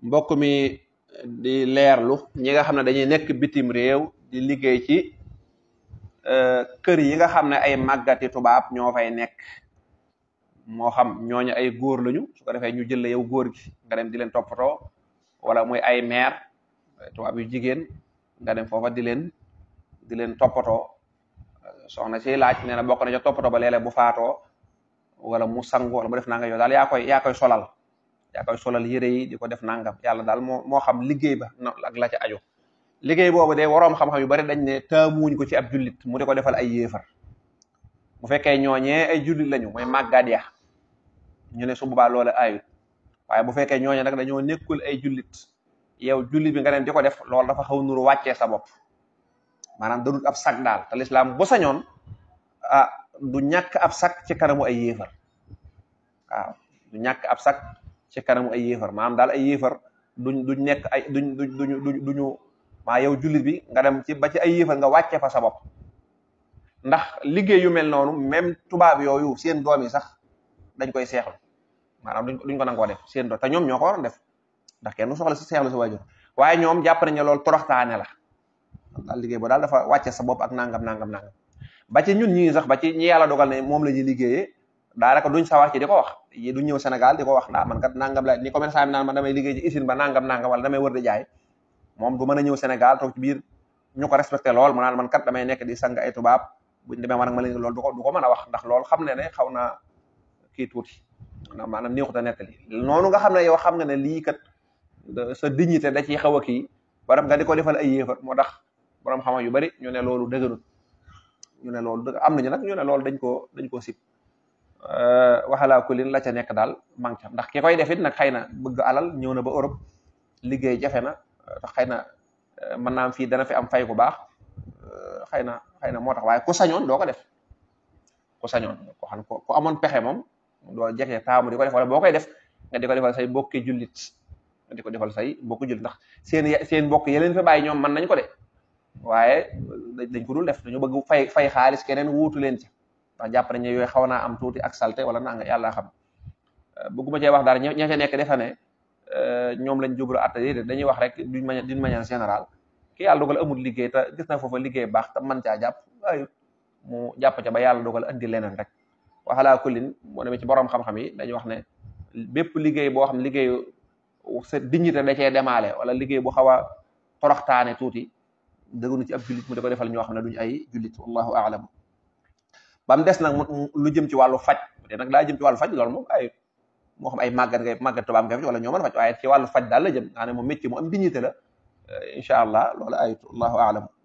mbokk mi di leerlu ñi nga xam ne dañuy nekk bitim réew di liggéey ci euh, kër yi nga xam ne ay màggati tubaab ñoo nekk moo xam ñooñu ay góor lañu su ko defee ñu jël la yow góor gi nga dem di leen toppatoo wala muy ay meer tubaab yu jigéen nga dem foofa di leen di leen toppatoo soxna si laaj nee na bokk na ca toppatoo ba léeg-léeg bu faatoo wala mu sangu wala mu def na nga yow daal yaa koy yaa koy solal yaa koy solal yére yi di ko def nangam yàlla daal moo xam liggéey ba ak la ca aju liggéey boobu de waroom xam-xam yu bari dañ ne taamuwuñ ko ci ab jullit mu di ko defal ay yéefar bu fekkee ñooñee ay jullit lañu mooy màggaat ya ñu ne su boobaa loola ayut waaye bu fekkee ñooñee nag dañoo nekkul ay jullit yow jullit bi nga leen di ko def loolu dafa xaw nuru wàccee sa bopp maanaam dadul ab sag daal te lislaam bu sañoon a ah, du ñàkk ab sag ci kanamu ay yéefar waaw du ñàkk ab sag ci kanamu ay yéefar maanaam daal ay yéefar duñ duñ nekk ay duñ duñ duñu duñ duñu maa yow jullit bi nga dem ci ba ci ay yéefar nga wàcce fa sa bopp ndax liggéey yu mel noonu même tubaab yooyu seen doom yi sax dañ koy seexlu maanaam duñ duñ ko nangoo def seen doom te ñoom ñoo ko def ndax kenn du soxla si seexlu si waaye ñoom jàpp nañ ne loolu toroxtaane la daal liggéey boo daal dafa wàcce sa bopp ak nangam nangam nangam ba ci ñun ñii sax ba ci ñi yàlla dogal ne moom la ñuy liggéeyee daanaka duñ sawar ci di ko wax duñ ñëw Sénégal di ko wax daa man kat nangam la ni commerçant bi naan man damay liggéey ci usine ba nangam nangam wala damay wër di jaay moom du mën a ñëw Sénégal toog ci biir ñu ko respecté lool mu naan man kat damay nekk di sang ay tubaab buñ demee man ma leen loolu du ko du ko mën a wax ndax loolu xam ne ne xaw naa kii tuuti ndax maanaam néexut a nettali noonu nga xam ne yow xam nga ne lii kat sa dignité da ciy xaw a kii baram nga di ko defal ay yéefar moo tax borom xama yu bari ñu ne loolu dëgganut ñu ne loolu am nañu nag ñu ne loolu dañ ko dañ koo sib Euh, waxalaa kulin la ca nekk daal manqué ndax ki koy defit nag xëy na bëgg alal ñëw na ba Europe liggéey jafe na euh, tax xëy na euh, mën naa am fii dana fi am fay bu baax xëy na xëy na moo tax waaye ku sañoon doo ko def ku sañoon ko xam ku amoon pexe moom doo jege taamu di ko def wala boo koy def nga di defal say mbokki julit di ko defal say mbokki jullit ndax seen seen mbokk yeleen fa bàyyi ñoom mën nañ ko de waaye dañ ko dul def dañu bëgg fay fay xaalis keneen wuutu leen ci ndax jàpp nañ xaw naa am tuuti ak salte wala naa nga yàlla xam bëgguma cee wax dara ña ca nekk defe ne euh, ñoom lañ jublu atta yi dañuy wax rek d'une manière d'une manière générale ki yàlla dogal amul liggéey te gis na foofa liggéey baax te man caa jàpp ayut mu jàpp ca ba yàlla dogal andi leneen rek waxalaa kullin moo demee ci borom xam-xam yi dañuy wax ne bépp liggéey boo xam ne liggéeyu sa dignité da cee demaale wala liggéey bu xaw a toroxtaane tuuti dëggunu ci ab jullit mu da ko defal ñoo xam ne duñu ay jullit wallahu aalam ba mu des nag lu jëm ci wàllu faj te nag daa jëm ci wàllu faj loolu moom ay moo xam ay màggat ngay màggat tubaab ngay faj wala a faj waaye ci wàllu faj daal la jëm nga xam ne moom métier mu am dignité la incha allah loola ay allahu alam